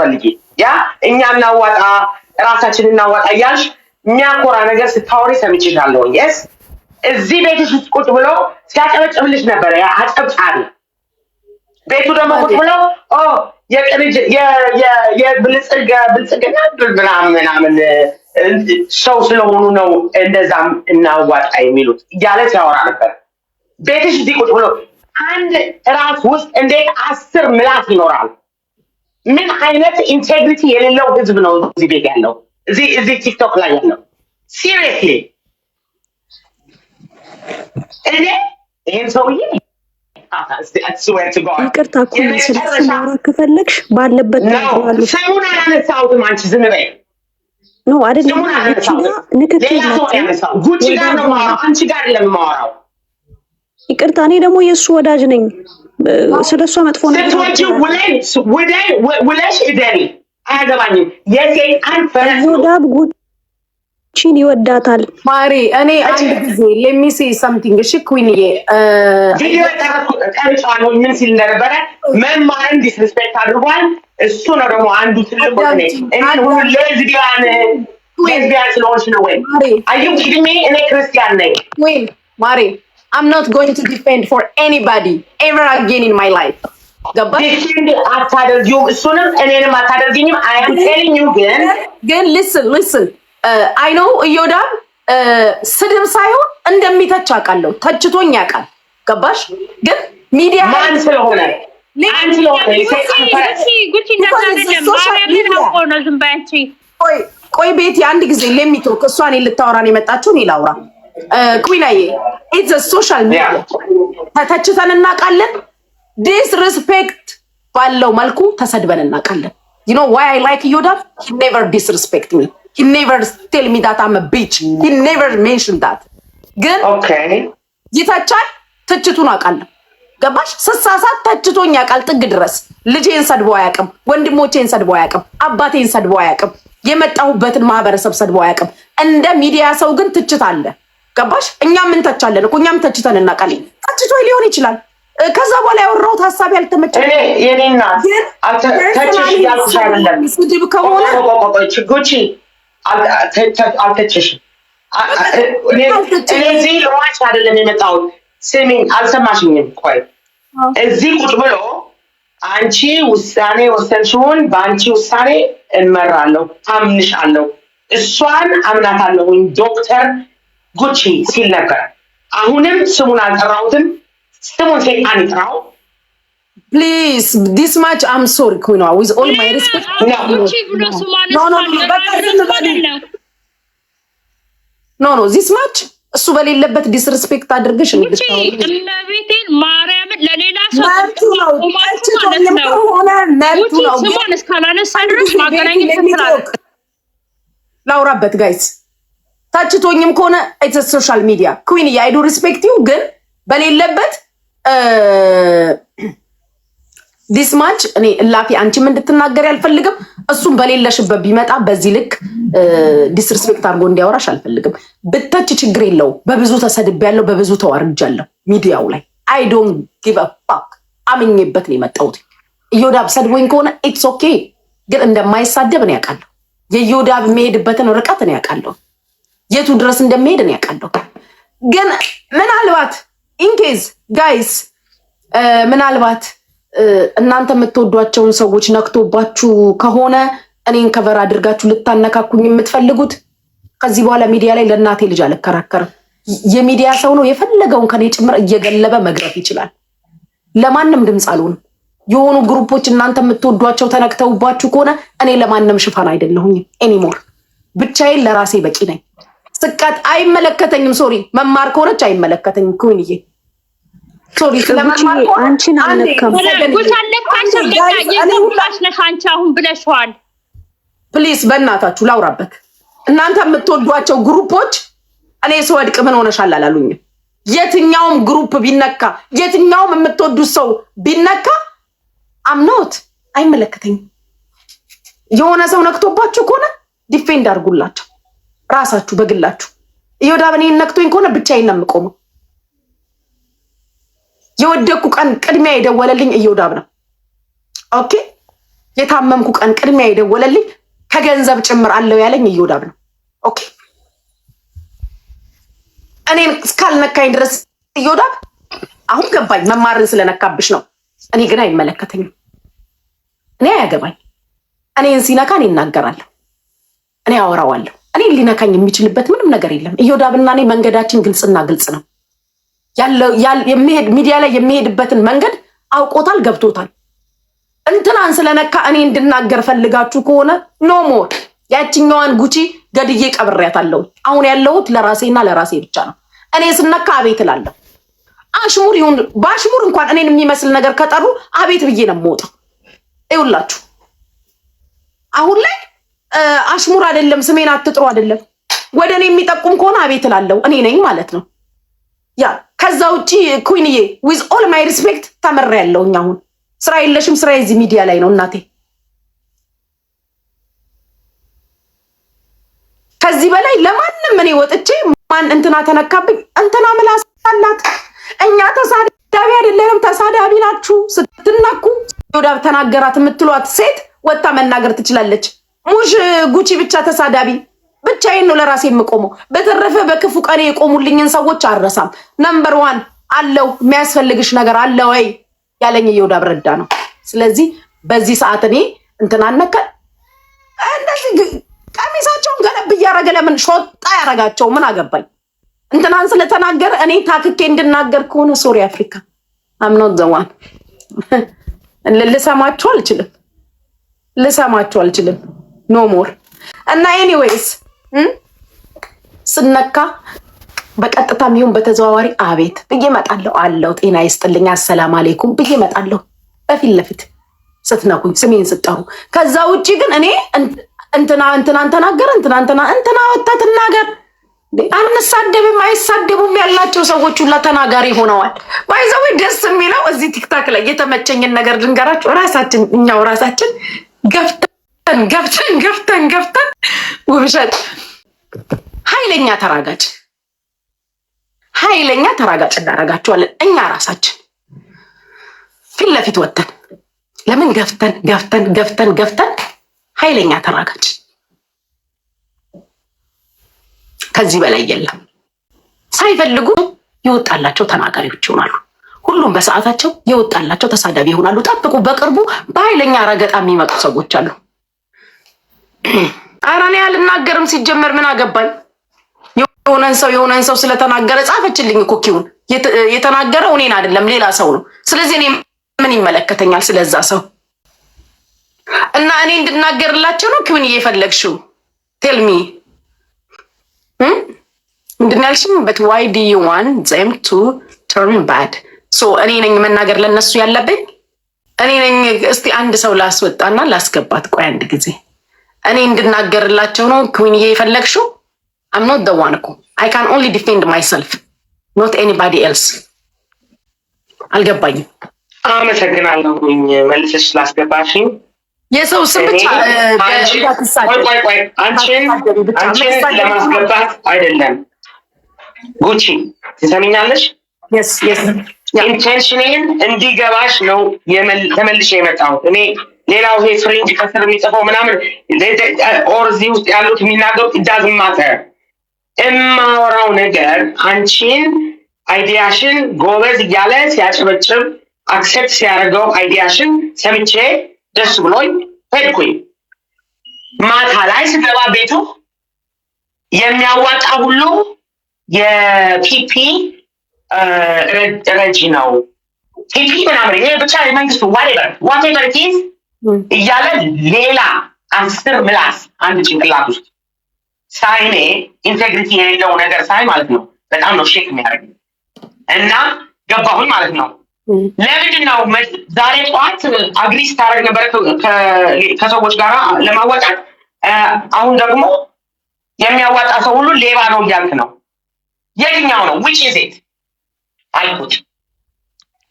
ስትፈልጊ ያ እኛ እናዋጣ ራሳችን እናዋጣ እያልሽ የሚያኮራ ነገር ስታወሪ ሰምቼሻለሁ። የስ እዚህ ቤትሽ ውስጥ ቁጭ ብሎ ሲያጨበጭብልሽ ነበረ። ያ ቤቱ ደግሞ ቁጭ ብለው የብልጽግና ምናምን ምናምን ሰው ስለሆኑ ነው እንደዛም እናዋጣ የሚሉት እያለ ሲያወራ ነበር። ቤትሽ እዚህ ቁጭ ብሎ አንድ ራስ ውስጥ እንዴት አስር ምላስ ይኖራል? ምን አይነት ኢንቴግሪቲ የሌለው ህዝብ ነው እዚህ ቤት ያለው፣ እዚህ እዚህ ቲክቶክ ላይ ያለው ሲሪየስሊ። እኔ ይህን ሰውዬ ይቅርታ እኮ ስለሱ ማውራት ከፈለግሽ ባለበት ሰሙን አላነሳሁትም። አንቺ ዝም በይ ነው አይደለም። ንክክል ጉቺ ጋር ነው ማውራው፣ አንቺ ጋር ለምን ማውራው ይቅርታ፣ እኔ ደግሞ የእሱ ወዳጅ ነኝ። ስለ እሷ መጥፎ ውለሽ እደሪ፣ አያገባኝም። የሴጣን ዳብ ጉቺን ይወዳታል። ማሪ፣ እኔ አንድ ጊዜ ለሚሲ ሳምቲንግ እሺ፣ ኩዊንዬ ጨርሻለሁ። ምን ሲል እንደነበረ መማርን ዲስሪስፔክት አድርጓል። እሱ ነው ደግሞ አንዱ ትልቅ ሌዝቢያን ሌዝቢያን ስለሆንሽ ነው ወይ? አየሁ፣ ቅድሜ እኔ ክርስቲያን ነኝ። ወይ ማሪ አም ኖት ጎይንግ ቱ ዲፌንድ ፎር ኤኒባዲ ኤቨር አጌን ኢን ማይ ላይፍ። አታደርጊውም፣ እሱንም እኔንም አታደርጊኝም። ግን ግን ልስን ልስን አይ ኖው እዮዳብ ስድብ ሳይሆን እንደሚተች አውቃለሁ። ተችቶኝ ያውቃል። ገባሽ? ግን ሚዲያ ማን ስለሆነ ቆይ ቤቲ አንድ ጊዜ ሌሚቶ እሷ እኔን ልታወራን የመጣችውን ይላውራ ቁይናዬ ኢትስ ሶሻል ሚዲያ ተተችተን እናውቃለን። ዲስሪስፔክት ባለው መልኩ ተሰድበን እናውቃለን። ዩ ኖ ዋይ አይ ላይክ ዮዳብ ሂ ኔቨር ዲስሪስፔክት ሚ ሂ ኔቨር ቴል ሚ ዳት አም ቢች ሂ ኔቨር ሜንሽን ዳት። ግን ይተቻል፣ ትችቱን አውቃለሁ። ገባሽ? ስሳሳት ተችቶኝ ያውቃል ጥግ ድረስ። ልጄን ሰድቦ አያውቅም፣ ወንድሞቼን ሰድቦ አያውቅም፣ አባቴን ሰድቦ አያውቅም፣ የመጣሁበትን ማህበረሰብ ሰድቦ አያውቅም። እንደ ሚዲያ ሰው ግን ትችት አለ። ገባሽ? እኛም እንተቻለን እኮ እኛም ተችተን እናውቃለን። ተችቶ ሊሆን ይችላል። ከዛ በኋላ ያወራሁት ሀሳብ ያልተመቸኝ አይደለም የመጣሁት። ስሚኝ፣ አልሰማሽኝም? ቆይ እዚህ ቁጭ ብሎ አንቺ ውሳኔ ወሰንሽውን በአንቺ ውሳኔ እመራለሁ፣ አለው። እሷን አለሁኝ ዶክተር ጉቺ ሲል ነበር። አሁንም ስሙን አልጠራሁትም። ስሙን ሰይጣን ይጥራው። ፕሊዝ ዲስ ማች አም ሶሪ ኩዊን ዊዝ ኦል ማይ ሪስፔክት ኖ ኖ ዚስ ማች እሱ በሌለበት ዲስሪስፔክት አድርገሽ እመቤቴን ማርያምን ለሌላ ሰው ነው። ስሙን እስካላነሳ ድረስ ማገናኘት ላውራበት ጋይስ ታችቶኝም ከሆነ ኢትስ ሶሻል ሚዲያ ኩዊንዬ አይዱ ዩ ግን በሌለበት ዲስ uh, ማች እኔ እላፊ አንቺም እንድትናገር አልፈልግም። እሱም በሌለሽበት ቢመጣ በዚህ ልክ ዲስሪስፔክት uh, አድርጎ እንዲያወራሽ አልፈልግም። ብተች ችግር የለው። በብዙ ያለው በብዙ ያለው ሚዲያው ላይ አይ ዶንት ጊቭ አ ፋክ። አምኜበት ነው የመጣሁት። እዮዳብ ሰድቦኝ ከሆነ ኢትስ ኦኬ፣ ግን እንደማይሳደብ ነው ያውቃለሁ። የዮዳብ የሚሄድበትን ርቀት ነው ያውቃለሁ። የቱ ድረስ እንደሚሄድ ነው ያውቃለሁ። ግን ምናልባት ኢንኬዝ ጋይስ ምናልባት እናንተ የምትወዷቸውን ሰዎች ነክቶባችሁ ከሆነ እኔን ከቨር አድርጋችሁ ልታነካኩኝ የምትፈልጉት ከዚህ በኋላ ሚዲያ ላይ ለእናቴ ልጅ አልከራከርም። የሚዲያ ሰው ነው የፈለገውን ከኔ ጭምር እየገለበ መግረፍ ይችላል። ለማንም ድምፅ አልሆንም። የሆኑ ግሩፖች እናንተ የምትወዷቸው ተነክተውባችሁ ከሆነ እኔ ለማንም ሽፋን አይደለሁኝም። ኤኒሞር ብቻዬን ለራሴ በቂ ነኝ። ስቀጥ አይመለከተኝም። ሶሪ መማር ከሆነች አይመለከተኝም። ኩንዬ ሶሪ ስለመማር አንቺን አልነካም። አንቺ አሁን ብለሽዋል። ፕሊዝ በእናታችሁ ላውራበት። እናንተ የምትወዷቸው ግሩፖች እኔ ስወድቅ ምን ሆነሻል አላሉኝም። የትኛውም ግሩፕ ቢነካ የትኛውም የምትወዱት ሰው ቢነካ አምናዎት አይመለከተኝም። የሆነ ሰው ነክቶባችሁ ከሆነ ዲፌንድ አድርጉላቸው። ራሳችሁ በግላችሁ እዮዳብ እኔን ነክቶኝ ከሆነ ብቻዬን ነው የምቆመው። የወደቅኩ ቀን ቅድሚያ የደወለልኝ እዮዳብ ነው። ኦኬ የታመምኩ ቀን ቅድሚያ የደወለልኝ ከገንዘብ ጭምር አለው ያለኝ እዮዳብ ነው። ኦኬ እኔን እስካልነካኝ ድረስ እዮዳብ አሁን ገባኝ፣ መማርን ስለነካብሽ ነው። እኔ ግን አይመለከተኝም። እኔ አያገባኝ። እኔን ሲነካን ይናገራለሁ፣ እኔ አወራዋለሁ። እኔ ሊነካኝ የሚችልበት ምንም ነገር የለም። እዮዳብና እኔ መንገዳችን ግልጽና ግልጽ ነው። ሚዲያ ላይ የሚሄድበትን መንገድ አውቆታል፣ ገብቶታል። እንትናን ስለነካ እኔ እንድናገር ፈልጋችሁ ከሆነ ኖ ሞር ያችኛዋን ጉቺ ገድዬ ቀብሬያታለሁ። አሁን ያለሁት ለራሴና ለራሴ ብቻ ነው። እኔ ስነካ አቤት እላለሁ። አሽሙር ይሁን በአሽሙር እንኳን እኔን የሚመስል ነገር ከጠሩ አቤት ብዬ ነው የምወጣው። ይውላችሁ አሁን ላይ አሽሙር አይደለም፣ ስሜን አትጥሩ አይደለም። ወደ እኔ የሚጠቁም ከሆነ አቤት እላለሁ እኔ ነኝ ማለት ነው። ያ ከዛ ውጪ ኩንዬ ዊዝ ኦል ማይ ሪስፔክት ተመራ ያለውኝ አሁን ስራ የለሽም። ስራ የዚህ ሚዲያ ላይ ነው እናቴ። ከዚህ በላይ ለማንም እኔ ወጥቼ ማን እንትና ተነካብኝ እንትና ምላስ አላት። እኛ ተሳዳቢ አይደለንም፣ ተሳዳቢ ናችሁ ስትናኩ ዳብ ተናገራት የምትሏት ሴት ወጥታ መናገር ትችላለች። ሙሽ ጉቺ ብቻ ተሳዳቢ ብቻዬን ነው ለራሴ የምቆመው። በተረፈ በክፉ ቀኔ የቆሙልኝን ሰዎች አረሳም ነምበር ዋን አለው የሚያስፈልግሽ ነገር አለ ወይ ያለኝ እዮዳብ ብረዳ ነው። ስለዚህ በዚህ ሰዓት እኔ እንትን አነከ እንደዚህ ቀሚሳቸውን ገለብ እያረገ ለምን ሾጣ ያደረጋቸው ምን አገባኝ? እንትናን ስለተናገረ እኔ ታክኬ እንድናገር ከሆነ ሶሪ አፍሪካ አምኖት ዘዋን ልሰማችሁ አልችልም። ልሰማችሁ አልችልም። ኖ ሞር እና ኤኒዌይስ ስነካ በቀጥታም ይሁን በተዘዋዋሪ አቤት ብዬ እመጣለሁ። አለው ጤና ይስጥልኝ አሰላም አሌይኩም ብዬ እመጣለሁ። በፊት ለፊት ስትነኩኝ ስሜን ስጠሩ። ከዛ ውጭ ግን እኔ እንትና እንትናን ተናገር እንትና እንትና እንትና ወታ ትናገር አንሳደብም አይሳደቡም ያላቸው ሰዎች ሁላ ተናጋሪ ሆነዋል። ባይዘዌ ደስ የሚለው እዚህ ቲክታክ ላይ የተመቸኝን ነገር ልንገራችሁ። ራሳችን እኛው ራሳችን ገፍታ ገብተን ገብተን ገብተን ገብተን ውብሸት ኃይለኛ ተራጋጭ ኃይለኛ ተራጋጭ እናደርጋቸዋለን። እኛ ራሳችን ፊት ለፊት ወጥተን ለምን ገፍተን ገፍተን ገፍተን ገፍተን ኃይለኛ ተራጋጭ ከዚህ በላይ የለም። ሳይፈልጉ የወጣላቸው ተናጋሪዎች ይሆናሉ። ሁሉም በሰዓታቸው የወጣላቸው ተሳዳቢ ይሆናሉ። ጠብቁ፣ በቅርቡ በኃይለኛ ረገጣ የሚመጡ ሰዎች አሉ። አረ እኔ አልናገርም። ሲጀመር ምን አገባኝ? የሆነን ሰው የሆነን ሰው ስለተናገረ ጻፈችልኝ እኮ ኪውን የተናገረው እኔን አይደለም ሌላ ሰው ነው። ስለዚህ እኔ ምን ይመለከተኛል ስለዛ ሰው እና እኔ እንድናገርላቸው ነው ኪውን እየፈለግሽው ቴልሚ ምንድን ያልሽኝ? በት ዋይ ዲ ዩ ዋን ዘም ቱ ተርን ባድ ሶ እኔ ነኝ መናገር ለነሱ ያለብኝ እኔ ነኝ። እስቲ አንድ ሰው ላስወጣና ላስገባት። ቆይ አንድ ጊዜ እኔ እንድናገርላቸው ነው ይሄ የፈለግሽው? አም ኖት ደ ዋን እኮ አይ ካን ኦንሊ ዲፌንድ ማይሰልፍ ኖት ኤኒባዲ ኤልስ። አልገባኝም። አመሰግናለሁኝ መልሰሽ ስላስገባሽ። የሰው ስም ብቻ አንቺን ለማስገባት አይደለም። ጉቺ ትሰሚኛለሽ? ኢንቴንሽንን እንዲገባሽ ነው ተመልሼ የመጣሁት እኔ ሌላው ይሄ ስሪንጅ ከስር የሚጽፈው ምናምን ኦር እዚህ ውስጥ ያሉት የሚናገሩት ዳዝ ማተር እማወራው ነገር አንቺን አይዲያሽን ጎበዝ እያለ ሲያጭበጭብ አክሴፕት ሲያደርገው አይዲያሽን ሰምቼ ደስ ብሎኝ ሄድኩኝ። ማታ ላይ ስገባ ቤቱ የሚያዋጣ ሁሉ የፒፒ ረጂ ነው ፒፒ ምናምን ይሄ ብቻ የመንግስቱ ዋቴቨር ዋቴቨር ኬዝ እያለ ሌላ አስር ምላስ አንድ ጭንቅላት ውስጥ ሳይኔ ኢንቴግሪቲ የሌለው ነገር ሳይ ማለት ነው በጣም ነው ሼክ የሚያደርግ እና ገባሁን ማለት ነው። ለምንድን ነው ዛሬ ጠዋት አግሪ ስታደርግ ነበረ ከሰዎች ጋር ለማዋጣት። አሁን ደግሞ የሚያዋጣ ሰው ሁሉ ሌባ ነው እያልክ ነው። የትኛው ነው? ዊች ዜት አልኩት።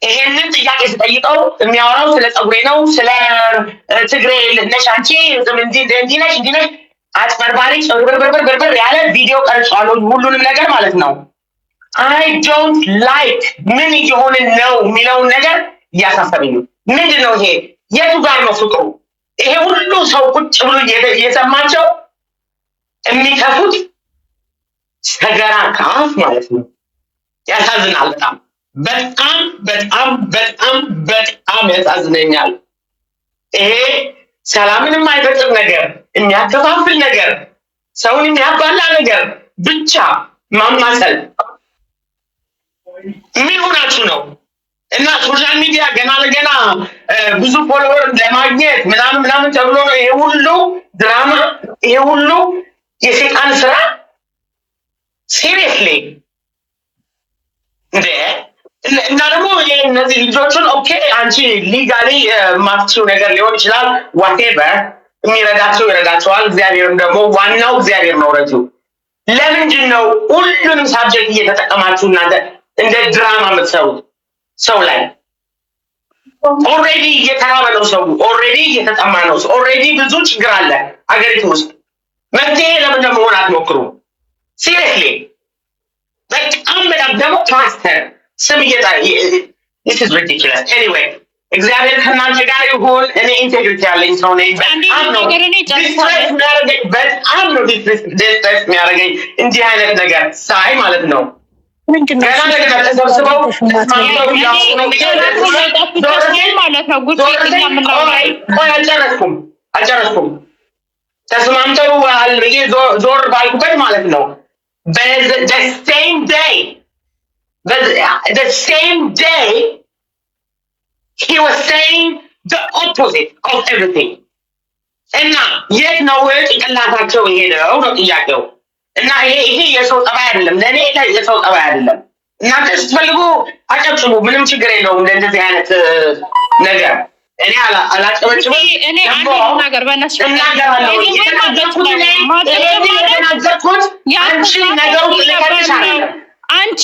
ይሄንን ጥያቄ ስጠይቀው የሚያወራው ስለ ፀጉሬ ነው፣ ስለ ትግሬ ነሽ አንቺ እንዲህ ነሽ አጭበርባሪ ብርብርብርብር ያለ ቪዲዮ ቀርጿል። ሁሉንም ነገር ማለት ነው። አይ ዶንት ላይክ ምን እየሆነ ነው የሚለውን ነገር እያሳሰብኝ ምንድን ነው ይሄ? የቱ ጋር ነው ፍቅሩ? ይሄ ሁሉ ሰው ቁጭ ብሎ እየሰማቸው የሚከፉት ሰገራ ከአፍ ማለት ነው። ያሳዝናል በጣም በጣም በጣም በጣም በጣም ያሳዝነኛል። ይሄ ሰላምን የማይፈጥር ነገር፣ የሚያከፋፍል ነገር፣ ሰውን የሚያባላ ነገር ብቻ ማማሰል ምን ሆናችሁ ነው? እና ሶሻል ሚዲያ ገና ለገና ብዙ ፎሎወር ለማግኘት ምናምን ምናምን ተብሎ ነው ይሄ ሁሉ ድራማ፣ ይሄ ሁሉ የሴጣን ስራ። ሲሪየስሊ እንዴ! እና ደግሞ እነዚህ ልጆችን ኦኬ አንቺ ሊጋሊ ማፍችው ነገር ሊሆን ይችላል። ዋቴቨር የሚረዳቸው ይረዳቸዋል። እግዚአብሔርም ደግሞ ዋናው እግዚአብሔር ነው ረጁ ለምንድን ነው ሁሉንም ሳብጀክት እየተጠቀማችሁ እናንተ እንደ ድራማ የምትሰሩት? ሰው ላይ ኦሬዲ እየተራበ ነው ሰው፣ ኦሬዲ እየተጠማ ነው ኦሬዲ ብዙ ችግር አለ አገሪቱ ውስጥ። መፍትሄ ለምን ለመሆን አትሞክሩ? ሲሪየስሊ በጣም በጣም ደግሞ ፓስተር ስም እየጣ ሪዲኪለስ ኤኒዌይ እግዚአብሔር ከእናንተ ጋር ይሁን። እኔ ኢንቴግሪቲ ያለኝ ሰው ነኝ። በጣም ነው በጣም ነው ዲስትረስ የሚያደርገኝ እንዲህ አይነት ነገር ሳይ ማለት ነው። ገና አልጨረስኩም ተስማምተው ዞር ባልኩበት ማለት ነው በ ሴም ዴይ The, uh, the same day, he was saying the opposite of everything እና የት ነው ጭንቅላታቸው የሄደው ነው ጥያቄው። እና ይሄ የሰው ጠባይ አይደለም፣ ለእኔ የሰው ጠባይ አይደለም። እናንተ ስትፈልጉ አጨብጭቡ፣ ምንም ችግር የለውም። ለእንደዚህ አይነት uh, ነገር እኔ አላጨበጭብም። ነገር በእነሱ አንቺ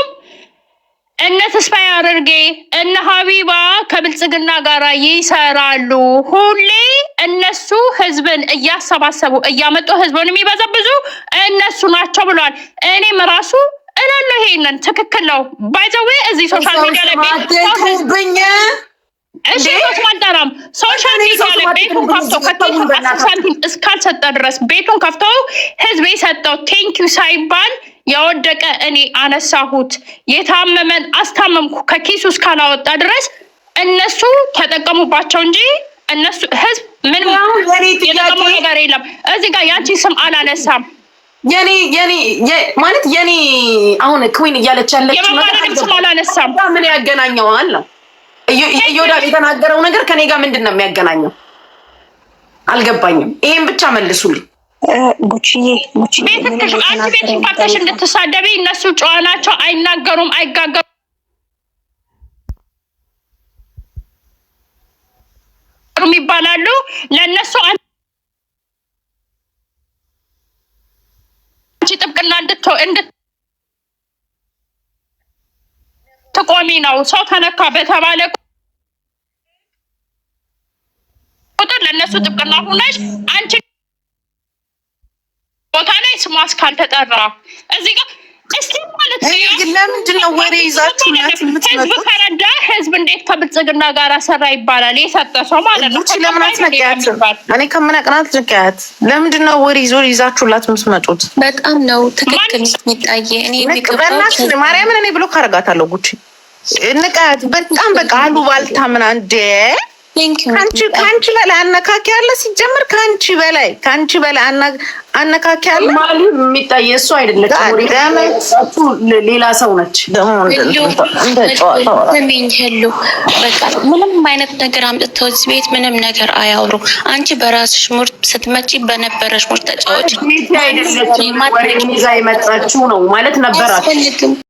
እነ ተስፋዬ አድርጌ እነ ሀቢባ ከብልጽግና ጋር ይሰራሉ። ሁሌ እነሱ ህዝብን እያሰባሰቡ እያመጡ ህዝብን የሚበዘብዙ እነሱ ናቸው ብሏል። እኔም ራሱ እላለሁ ይሄንን ትክክል ነው። ባይዘዌ እዚህ ሶሻል ሚዲያ ላይ እሺ ማዳራም ሶሻል ሚዲያ ላይ ቤቱን ከፍቶ ከቴቱ አስር ሳንቲም እስካልሰጠ ድረስ ቤቱን ከፍቶ ህዝብ የሰጠው ቴንኪዩ ሳይባል የወደቀ እኔ አነሳሁት፣ የታመመን አስታመምኩ ከኪሱ እስካላወጣ ድረስ እነሱ ተጠቀሙባቸው እንጂ እነሱ ህዝብ ምንም የጠቀመው ነገር የለም። እዚህ ጋር ያንቺን ስም አላነሳም። የኔ የኔ ማለት የኔ አሁን ክዊን እያለች ያለች የመባለንም ስም አላነሳም። ምን ያገናኘዋል ነው እዮዳብ የተናገረው ነገር ከኔ ጋር ምንድን ነው የሚያገናኘው? አልገባኝም። ይሄን ብቻ መልሱልኝ። ጉቺዬ ቤትሽ አንቺ ቤትሽ ፓርታሽ እንድትሳደቢ እነሱ ጨዋ ናቸው፣ አይናገሩም፣ አይጋገሩም። ይባላሉ ለእነሱ አንቺ ጥብቅና እንድት ልትቆሚ ነው። ሰው ተነካ በተባለ ቁጥር ለእነሱ ጥብቅና ሁነሽ አንቺ ቦታ ላይ ስሟ እስካልተጠራ እዚህ ጋር ህዝብ ከረዳ ህዝብ እንዴት ከብልጽግና ጋር ሰራ ይባላል። የሰጠ ሰው ማለት ነው። ለምን እኔ ከምነቅናት ለምንድን ነው ወሬ ይዞ ይዛችሁላት የምትመጡት? በጣም ነው ትክክል። እኔ ማርያምን እኔ ብሎክ ጉቺ ንቀት በጣም በቃ አሉባልታ ምናምን እንደ ከአንቺ ከአንቺ በላይ አነካኪ ያለ ሲጀምር ከአንቺ በላይ ከአንቺ በላይ አነካኪ ያለ ማሊ የሚታይ እሱ አይደለችም፣ ሌላ ሰው ነች። ሄሉ በቃ ምንም አይነት ነገር አምጥተው እዚህ ቤት ምንም ነገር አያውሩ። አንቺ በራስሽ ሙድ ስትመጪ በነበረሽ ሙድ ተጫወች። አይደለችም ይዛ የመጣችው ነው ማለት ነበራት።